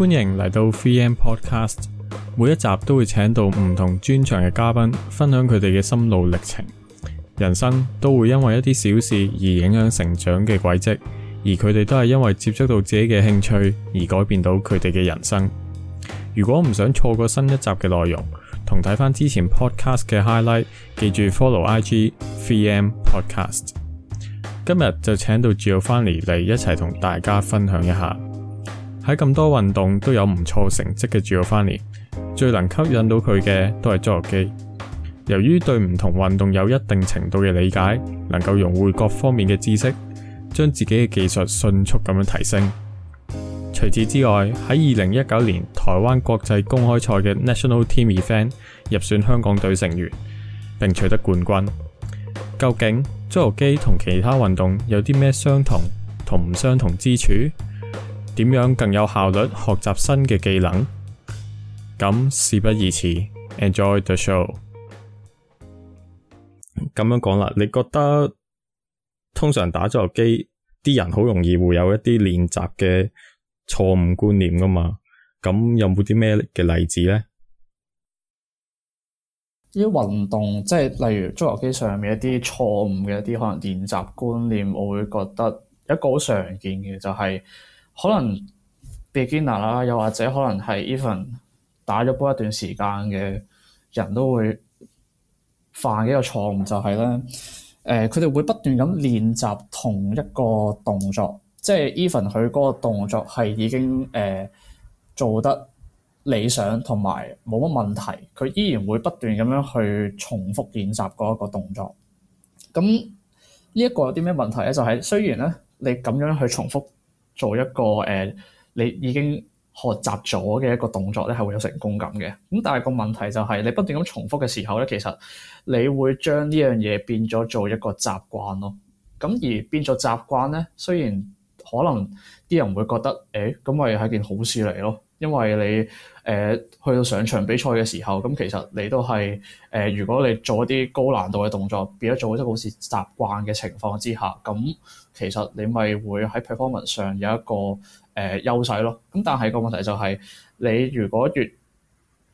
歡迎嚟到 VM Podcast，每一集都會請到唔同專長嘅嘉賓，分享佢哋嘅心路歷程。人生都會因為一啲小事而影響成長嘅軌跡，而佢哋都係因為接觸到自己嘅興趣而改變到佢哋嘅人生。如果唔想錯過新一集嘅內容，同睇翻之前 Podcast 嘅 Highlight，記住 Follow IG VM Podcast。今日就請到 Giovanni 嚟一齊同大家分享一下。喺咁多運動都有唔錯成績嘅，Giovanni，最能吸引到佢嘅都係足球機。由於對唔同運動有一定程度嘅理解，能夠融匯各方面嘅知識，將自己嘅技術迅速咁樣提升。除此之外，喺二零一九年台灣國際公開賽嘅 National Team Event 入選香港隊成員，並取得冠軍。究竟足球機同其他運動有啲咩相同同唔相同之處？點樣更有效率學習新嘅技能？咁事不宜遲，Enjoy the show。咁樣講啦，你覺得通常打足球機啲人好容易會有一啲練習嘅錯誤觀念噶嘛？咁有冇啲咩嘅例子呢？啲運動即係例如足球機上面一啲錯誤嘅一啲可能練習觀念，我會覺得一個好常見嘅就係、是。可能 beginner 啦，又或者可能係 even 打咗波一段時間嘅人都會犯一個錯誤，就係咧誒，佢哋會不斷咁練習同一個動作，即係 even 佢嗰個動作係已經誒、呃、做得理想同埋冇乜問題，佢依然會不斷咁樣去重複練習嗰一個動作。咁呢一個有啲咩問題咧？就係雖然咧你咁樣去重複。做一個誒、啊，你已經學習咗嘅一個動作咧，係會有成功感嘅。咁但係個問題就係、是，你不斷咁重複嘅時候咧，其實你會將呢樣嘢變咗做一個習慣咯。咁而變咗習慣咧，雖然可能啲人會覺得，誒咁咪係件好事嚟咯。因為你誒、呃、去到上場比賽嘅時候，咁其實你都係誒、呃，如果你做一啲高難度嘅動作，變咗做一個好似習慣嘅情況之下，咁其實你咪會喺 performance 上有一個誒優勢咯。咁但係個問題就係、是、你如果越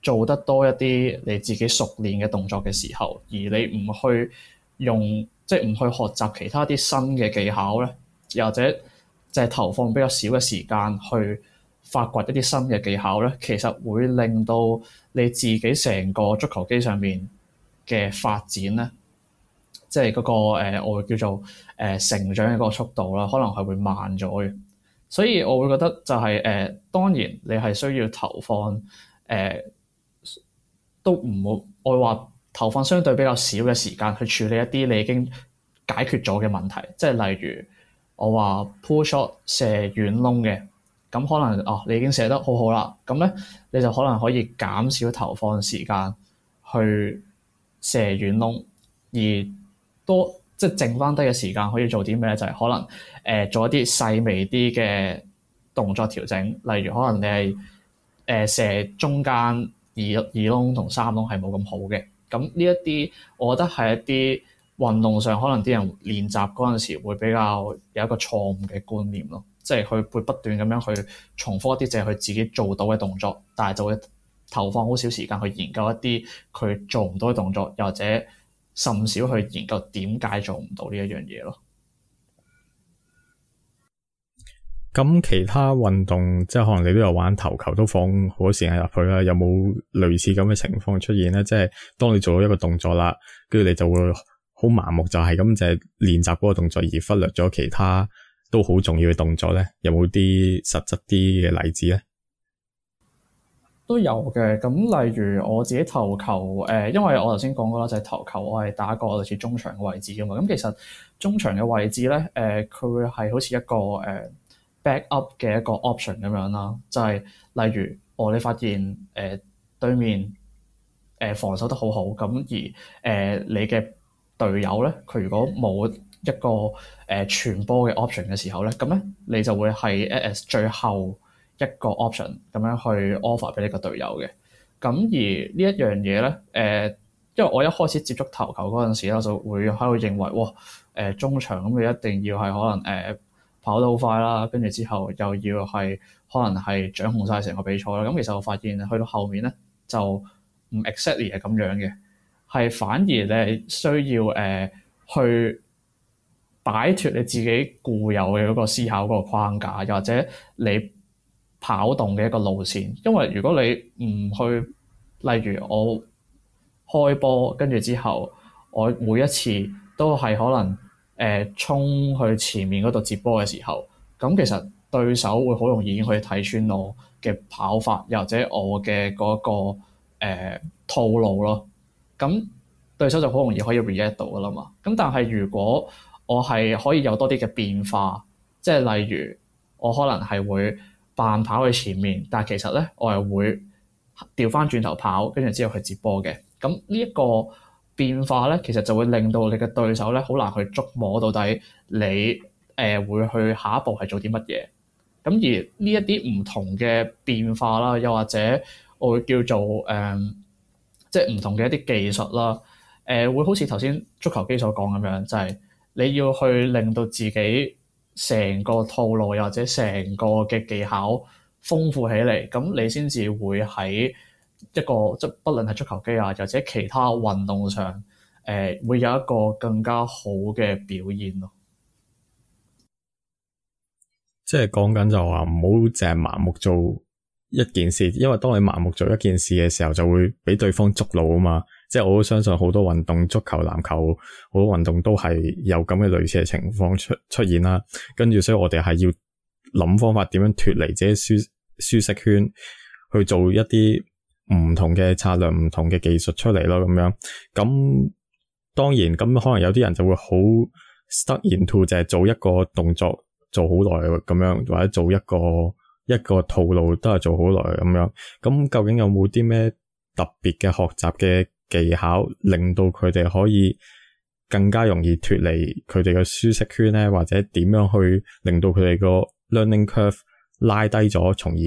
做得多一啲你自己熟練嘅動作嘅時候，而你唔去用，即係唔去學習其他啲新嘅技巧咧，又或者就係投放比較少嘅時間去，發掘一啲新嘅技巧咧，其實會令到你自己成個足球機上面嘅發展咧，即係嗰、那個誒、呃、我會叫做誒、呃、成長嘅嗰個速度啦，可能係會慢咗嘅。所以我會覺得就係、是、誒、呃，當然你係需要投放誒、呃，都唔好我話投放相對比較少嘅時間去處理一啲你已經解決咗嘅問題，即係例如我話 pull shot 射遠窿嘅。咁可能哦、啊，你已經射得好好啦。咁咧，你就可能可以減少投放時間去射遠窿，而多即係剩翻低嘅時間可以做啲咩？就係、是、可能誒、呃、做一啲細微啲嘅動作調整，例如可能你係誒、呃、射中間二二窿同三窿係冇咁好嘅。咁呢一啲，我覺得係一啲運動上可能啲人練習嗰陣時會比較有一個錯誤嘅觀念咯。即係佢會不斷咁樣去重複一啲，淨係佢自己做到嘅動作，但係就會投放好少時間去研究一啲佢做唔到嘅動作，又或者甚少去研究點解做唔到呢一樣嘢咯。咁其他運動，即係可能你都有玩投球，都放好多時間入去啦。有冇類似咁嘅情況出現呢？即係當你做到一個動作啦，跟住你就會好麻木，就係咁淨係練習嗰個動作，而忽略咗其他。都好重要嘅動作咧，有冇啲實質啲嘅例子咧？都有嘅，咁例如我自己投球，誒、呃，因為我頭先講過啦，就係、是、投球，我係打過類似中場嘅位置嘅嘛。咁其實中場嘅位置咧，誒、呃，佢係好似一個誒、呃、back up 嘅一個 option 咁樣啦，就係、是、例如我你發現誒、呃、對面誒、呃、防守得好好，咁而誒、呃、你嘅隊友咧，佢如果冇。一個誒、呃、傳波嘅 option 嘅時候咧，咁咧你就會係 as 最後一個 option 咁樣去 offer 俾呢個隊友嘅。咁而呢一樣嘢咧，誒、呃，因為我一開始接觸投球嗰陣時咧，我就會喺度認為，哇誒、呃、中場咁，你一定要係可能誒、呃、跑得好快啦，跟住之後又要係可能係掌控晒成個比賽啦。咁其實我發現去到後面咧，就唔 exactly 係咁樣嘅，係反而咧需要誒、呃、去。擺脫你自己固有嘅嗰個思考嗰個框架，又或者你跑動嘅一個路線。因為如果你唔去，例如我開波跟住之後，我每一次都係可能誒衝、呃、去前面嗰度接波嘅時候，咁其實對手會好容易可以睇穿我嘅跑法，又或者我嘅嗰、嗰個、呃、套路咯。咁對手就好容易可以 react 到㗎喇嘛。咁但係如果我係可以有多啲嘅變化，即係例如我可能係會扮跑去前面，但係其實咧我又會調翻轉頭跑，跟住之後去接波嘅。咁呢一個變化咧，其實就會令到你嘅對手咧好難去捉摸到底你誒、呃、會去下一步係做啲乜嘢。咁而呢一啲唔同嘅變化啦，又或者我會叫做誒，即係唔同嘅一啲技術啦，誒、呃、會好似頭先足球機所講咁樣，就係、是。你要去令到自己成個套路又或者成個嘅技巧豐富起嚟，咁你先至會喺一個即係，不論係足球機啊，或者其他運動上，誒、呃、會有一個更加好嘅表現咯。即係講緊就話唔好淨係盲目做一件事，因為當你盲目做一件事嘅時候，就會俾對方捉路啊嘛。即係我都相信好多運動，足球、籃球，好多運動都係有咁嘅類似嘅情況出出現啦。跟住，所以我哋係要諗方法點樣脫離自己舒舒適圈，去做一啲唔同嘅策略、唔同嘅技術出嚟咯。咁樣咁當然咁，可能有啲人就會好 stick to 就係做一個動作做好耐咁樣，或者做一個。一個套路都係做好耐咁樣，咁究竟有冇啲咩特別嘅學習嘅技巧，令到佢哋可以更加容易脫離佢哋嘅舒適圈呢？或者點樣去令到佢哋個 learning curve 拉低咗，從而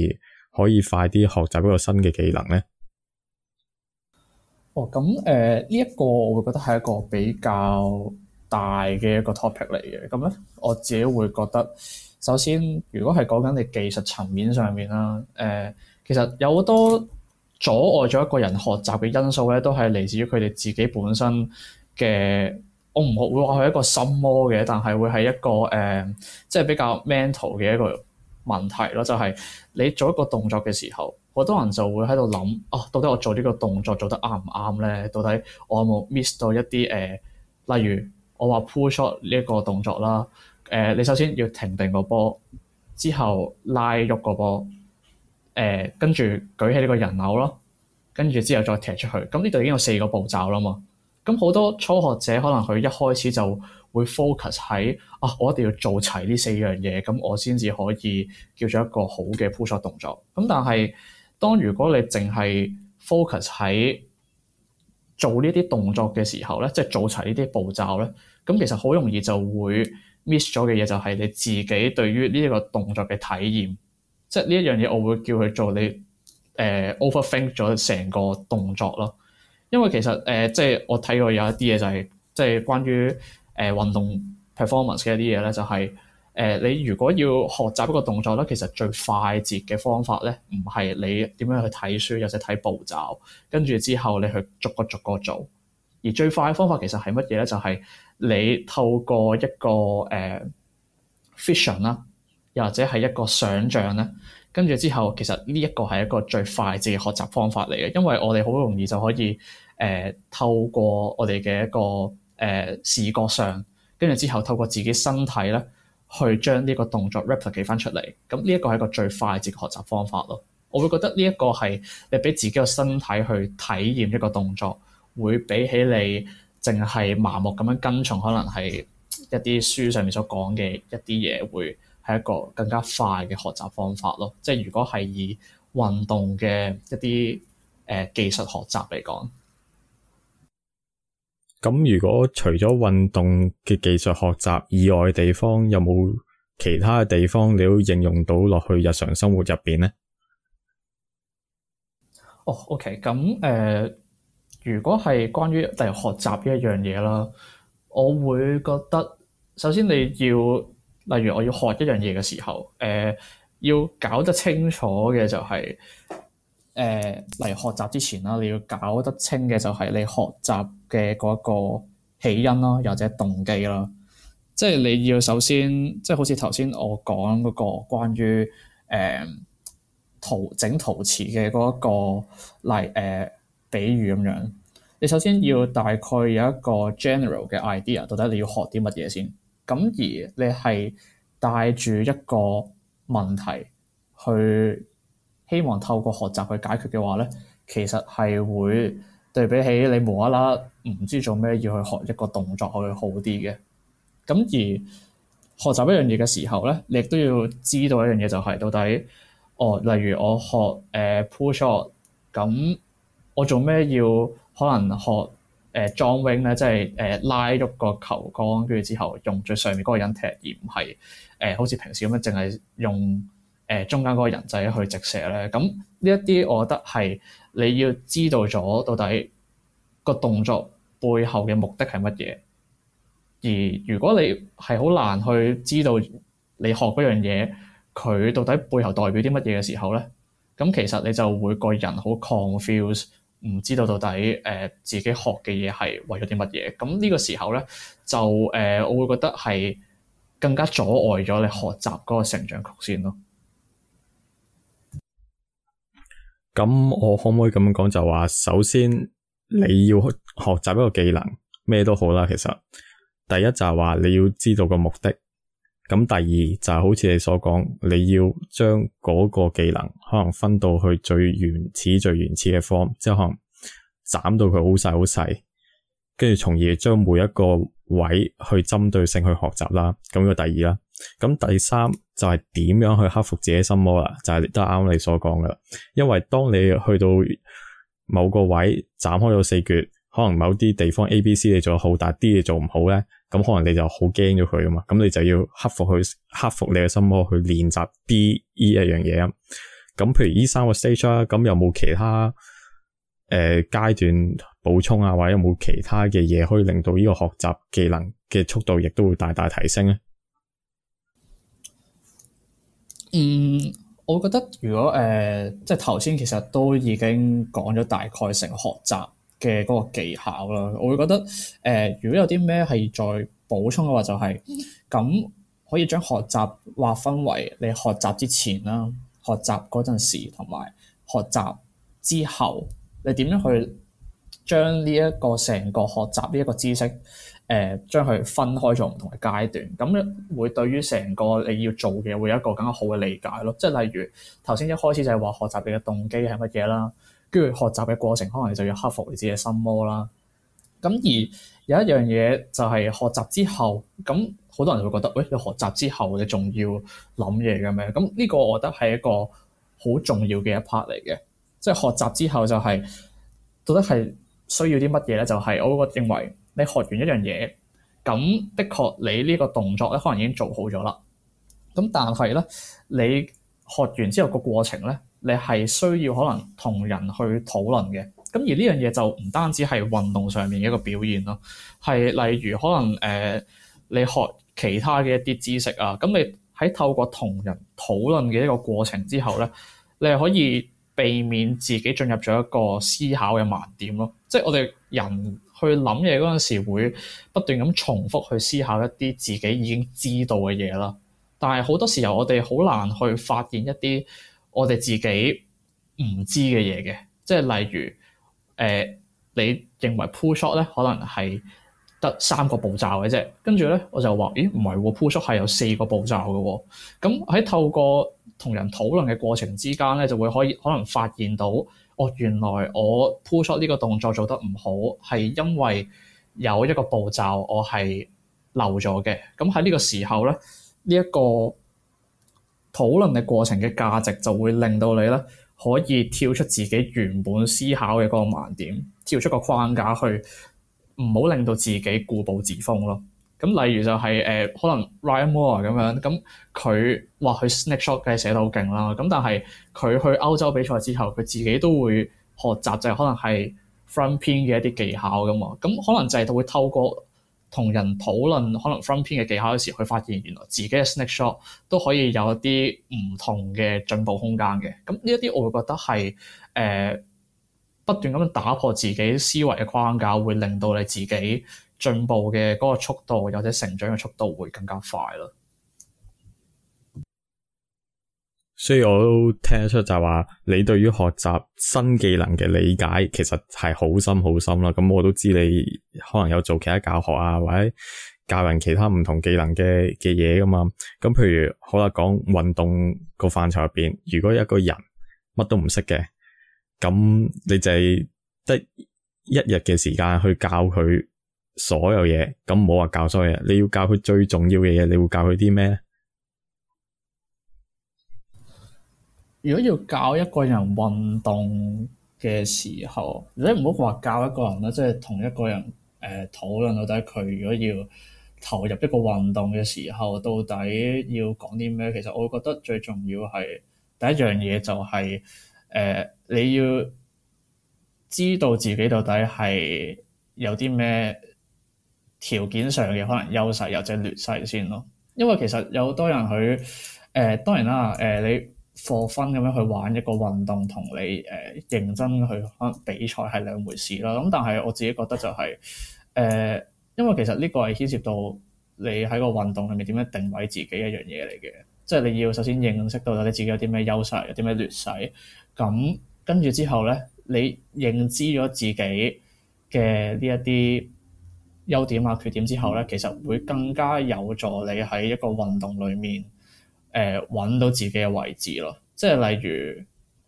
可以快啲學習嗰個新嘅技能呢？哦，咁誒、呢、uh, 一個我會覺得係一個比較。大嘅一個 topic 嚟嘅咁咧，我自己會覺得，首先如果係講緊你技術層面上面啦，誒、呃，其實有好多阻礙咗一個人學習嘅因素咧，都係嚟自於佢哋自己本身嘅。我唔會話係一個心魔嘅，但係會係一個誒、呃，即係比較 mental 嘅一個問題咯。就係、是、你做一個動作嘅時候，好多人就會喺度諗啊，到底我做呢個動作做得啱唔啱咧？到底我有冇 miss 到一啲誒、呃，例如，我話 pull shot 呢一個動作啦，誒、呃，你首先要停定個波，之後拉喐個波，誒、呃，跟住舉起呢個人偶咯，跟住之後再踢出去。咁呢度已經有四個步驟啦嘛。咁、嗯、好多初學者可能佢一開始就會 focus 喺啊，我一定要做齊呢四樣嘢，咁、嗯、我先至可以叫做一個好嘅 pull shot 動作。咁、嗯、但係當如果你淨係 focus 喺做呢啲動作嘅時候咧，即係做齊呢啲步驟咧，咁其實好容易就會 miss 咗嘅嘢就係你自己對於呢一個動作嘅體驗，即係呢一樣嘢我會叫佢做你誒、呃、overthink 咗成個動作咯，因為其實誒、呃、即係我睇過有一啲嘢就係、是、即係關於誒、呃、運動 performance 嘅一啲嘢咧，就係。誒、呃，你如果要學習一個動作咧，其實最快捷嘅方法咧，唔係你點樣去睇書，又或者睇步驟，跟住之後你去逐個逐個做。而最快嘅方法其實係乜嘢咧？就係、是、你透過一個誒、呃、vision 啦，又或者係一個想像咧，跟住之後其實呢一個係一個最快捷嘅學習方法嚟嘅，因為我哋好容易就可以誒、呃、透過我哋嘅一個誒、呃、視覺上，跟住之後透過自己身體咧。去將呢個動作 replicate 翻出嚟，咁呢一個係一個最快捷嘅學習方法咯。我會覺得呢一個係你俾自己個身體去體驗一個動作，會比起你淨係麻木咁樣跟從，可能係一啲書上面所講嘅一啲嘢，會係一個更加快嘅學習方法咯。即係如果係以運動嘅一啲誒、呃、技術學習嚟講。咁如果除咗運動嘅技術學習以外地方，有冇其他嘅地方你要應用到落去日常生活入邊呢？哦，OK，咁誒，uh, 如果係關於例如學習呢一樣嘢啦，我會覺得首先你要例如我要學一樣嘢嘅時候，誒，要搞得清楚嘅就係。誒嚟學習之前啦，你要搞得清嘅就係你學習嘅嗰個起因啦，或者動機啦，即係你要首先即係好似頭先我講嗰個關於陶、嗯、整陶瓷嘅嗰一個例、誒、呃、比喻咁樣，你首先要大概有一個 general 嘅 idea，到底你要學啲乜嘢先咁，而你係帶住一個問題去，希望透過學習去解決嘅話咧，其實係會對比起你無啦啦唔知做咩要去學一個動作去好啲嘅。咁而學習一樣嘢嘅時候咧，你亦都要知道一樣嘢就係、是、到底，哦，例如我學誒、呃、push shot，咁我做咩要可能學誒 drawing 咧，即係誒拉喐個球桿，跟住之後用最上面嗰個人踢，而唔係誒好似平時咁樣淨係用，誒中間嗰個人仔去直射咧，咁呢一啲，我覺得係你要知道咗到底個動作背後嘅目的係乜嘢。而如果你係好難去知道你學嗰樣嘢佢到底背後代表啲乜嘢嘅時候咧，咁其實你就會個人好 confused，唔知道到底誒、呃、自己學嘅嘢係為咗啲乜嘢。咁呢個時候咧就誒、呃，我會覺得係更加阻礙咗你學習嗰個成長曲線咯。咁我可唔可以咁樣講就話，首先你要學習一個技能咩都好啦。其實第一就係話你要知道個目的。咁第二就係好似你所講，你要將嗰個技能可能分到去最原始、最原始嘅方，即係可能斬到佢好細、好細，跟住從而將每一個位去針對性去學習啦。咁個第二啦。咁第三就係、是、點樣去克服自己心魔啦，就係都係啱你所講噶。因為當你去到某個位斬開咗四橛，可能某啲地方 A、B、C 你做得好，但 D 你做唔好咧，咁可能你就好驚咗佢啊嘛。咁你就要克服去克服你嘅心魔去練習、e，去練習 B、E 一樣嘢。咁譬如呢三個 stage 啦，咁有冇其他誒階、呃、段補充啊，或者有冇其他嘅嘢可以令到呢個學習技能嘅速度亦都會大大提升咧？嗯，我覺得如果誒、呃，即係頭先其實都已經講咗大概成學習嘅嗰個技巧啦。我會覺得誒、呃，如果有啲咩係再補充嘅話、就是，就係咁可以將學習劃分為你學習之前啦、學習嗰陣時同埋學習之後，你點樣去將呢一個成個學習呢一個知識。誒、呃、將佢分開咗唔同嘅階段，咁會對於成個你要做嘅會有一個更加好嘅理解咯。即係例如頭先一開始就係話學習你嘅動機係乜嘢啦，跟住學習嘅過程可能你就要克服你自己嘅心魔啦。咁、嗯、而有一樣嘢就係學習之後，咁好多人會覺得，喂、欸，你學習之後你仲要諗嘢嘅咩？咁呢個我覺得係一個好重要嘅一 part 嚟嘅。即係學習之後就係到底係需要啲乜嘢咧？就係、是、我覺得認為。你學完一樣嘢，咁的確你呢個動作咧，可能已經做好咗啦。咁但係咧，你學完之後個過程咧，你係需要可能同人去討論嘅。咁而呢樣嘢就唔單止係運動上面嘅一個表現咯，係例如可能誒、呃、你學其他嘅一啲知識啊。咁你喺透過同人討論嘅一個過程之後咧，你係可以避免自己進入咗一個思考嘅盲點咯。即係我哋人。去諗嘢嗰陣時，會不斷咁重複去思考一啲自己已經知道嘅嘢啦。但係好多時候，我哋好難去發現一啲我哋自己唔知嘅嘢嘅。即係例如，誒、呃、你認為 pull shot 咧，可能係得三個步驟嘅啫。跟住咧，我就話，咦，唔係喎 pull shot 係有四個步驟嘅喎、哦。咁喺透過同人討論嘅過程之間咧，就會可以可能發現到。哦，原來我 push 出呢個動作做得唔好，係因為有一個步驟我係漏咗嘅。咁喺呢個時候咧，呢、這、一個討論嘅過程嘅價值就會令到你咧可以跳出自己原本思考嘅嗰個盲點，跳出個框架去，唔好令到自己固步自封咯。咁例如就係、是、誒、呃、可能 Ryan Moore 咁樣，咁、嗯、佢話佢 snake shot 嘅寫得好勁啦，咁、嗯、但係佢去歐洲比賽之後，佢自己都會學習就係可能係 front pin 嘅一啲技巧㗎嘛，咁、嗯、可能就係佢會透過同人討論可能 front pin 嘅技巧嘅時候，佢發現原來自己嘅 snake shot 都可以有一啲唔同嘅進步空間嘅。咁呢一啲我會覺得係誒、呃、不斷咁打破自己思維嘅框架，會令到你自己進步嘅嗰個速度，或者成長嘅速度會更加快啦。所以我都聽得出就係話，你對於學習新技能嘅理解其實係好深好深啦。咁我都知你可能有做其他教學啊，或者教人其他唔同技能嘅嘅嘢噶嘛。咁譬如好啦，講運動個範疇入邊，如果一個人乜都唔識嘅，咁你就係得一日嘅時間去教佢。所有嘢，咁唔好話教所有嘢，你要教佢最重要嘅嘢，你會教佢啲咩？如果要教一個人運動嘅時候，你唔好話教一個人啦，即係同一個人誒討論到底佢如果要投入一個運動嘅時候，到底要講啲咩？其實我覺得最重要係第一樣嘢就係、是、誒、呃、你要知道自己到底係有啲咩，條件上嘅可能優勢，或者劣勢先咯。因為其實有好多人佢誒、呃，當然啦誒、呃，你課分咁樣去玩一個運動，同你誒、呃、認真去可能比賽係兩回事啦。咁但係我自己覺得就係、是、誒、呃，因為其實呢個係牽涉到你喺個運動裏面點樣定位自己一樣嘢嚟嘅，即係你要首先認識到你自己有啲咩優勢，有啲咩劣勢。咁跟住之後咧，你認知咗自己嘅呢一啲。優點啊，缺點之後咧，其實會更加有助你喺一個運動裏面，誒、呃、揾到自己嘅位置咯。即係例如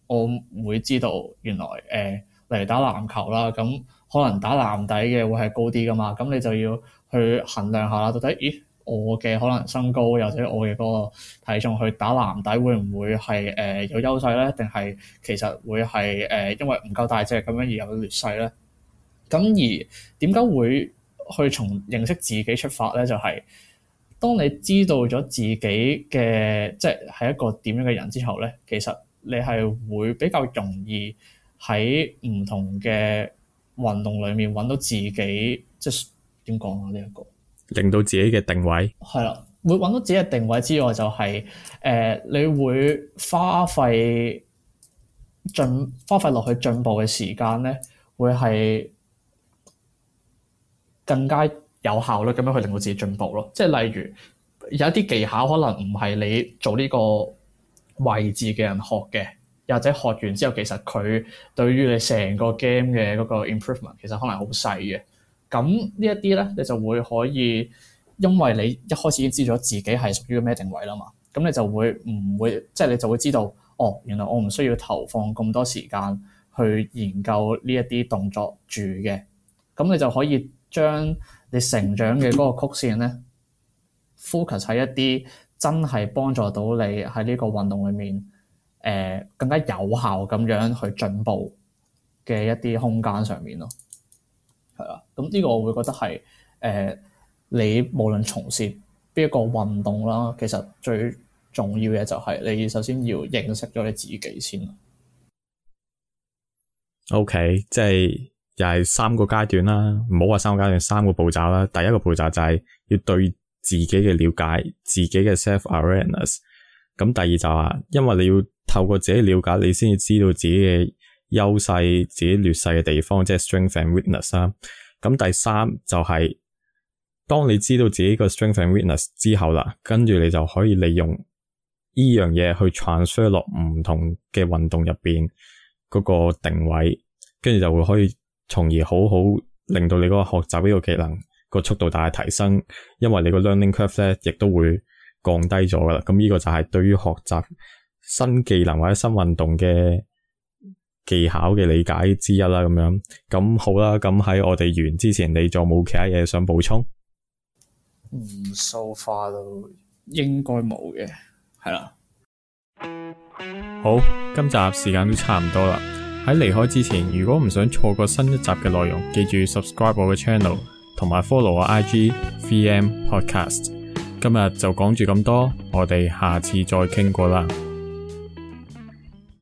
我會知道原來誒例如、呃、打籃球啦，咁可能打籃底嘅會係高啲噶嘛。咁你就要去衡量下啦，到底咦我嘅可能身高，或者我嘅嗰個體重去打籃底會唔會係誒、呃、有優勢咧？定係其實會係誒、呃、因為唔夠大隻咁樣而有劣勢咧？咁而點解會？去從認識自己出發咧，就係、是、當你知道咗自己嘅即係係一個點樣嘅人之後咧，其實你係會比較容易喺唔同嘅運動裡面揾到自己，即係點講啊？呢一、這個令到自己嘅定位係啦，會揾到自己嘅定位之外、就是，就係誒，你會花費進花費落去進步嘅時間咧，會係。更加有效率咁樣去令到自己進步咯。即係例如有一啲技巧，可能唔係你做呢個位置嘅人學嘅，又或者學完之後其實佢對於你成個 game 嘅嗰個 improvement 其實可能好細嘅。咁呢一啲咧，你就會可以，因為你一開始已經知咗自己係屬於咩定位啦嘛。咁你就會唔會，即係你就會知道哦，原來我唔需要投放咁多時間去研究呢一啲動作住嘅。咁你就可以。將你成長嘅嗰個曲線咧 ，focus 喺一啲真係幫助到你喺呢個運動裏面，誒更加有效咁樣去進步嘅一啲空間上面咯。係啊，咁呢個我會覺得係誒你無論從事邊一個運動啦，其實最重要嘅就係你首先要認識咗你自己先。OK，即係。又係三個階段啦，唔好話三個階段，三個步驟啦。第一個步驟就係要對自己嘅了解，自己嘅 self awareness。咁 aware 第二就話，因為你要透過自己了解，你先要知道自己嘅優勢、自己劣勢嘅地方，即係 strength and weakness 啦。咁第三就係當你知道自己個 strength and weakness 之後啦，跟住你就可以利用呢樣嘢去 transfer 落唔同嘅運動入邊嗰個定位，跟住就會可以。從而好好令到你嗰個學習呢個技能個速度大大提升，因為你個 learning curve 咧亦都會降低咗噶啦。咁呢個就係對於學習新技能或者新運動嘅技巧嘅理解之一啦。咁樣咁好啦。咁喺我哋完之前，你仲有冇其他嘢想補充？唔，So far 都應該冇嘅，係啦。好，今集時間都差唔多啦。喺離開之前，如果唔想錯過新一集嘅內容，記住 subscribe 我嘅 channel 同埋 follow 我 IG VM Podcast。今日就講住咁多，我哋下次再傾過啦。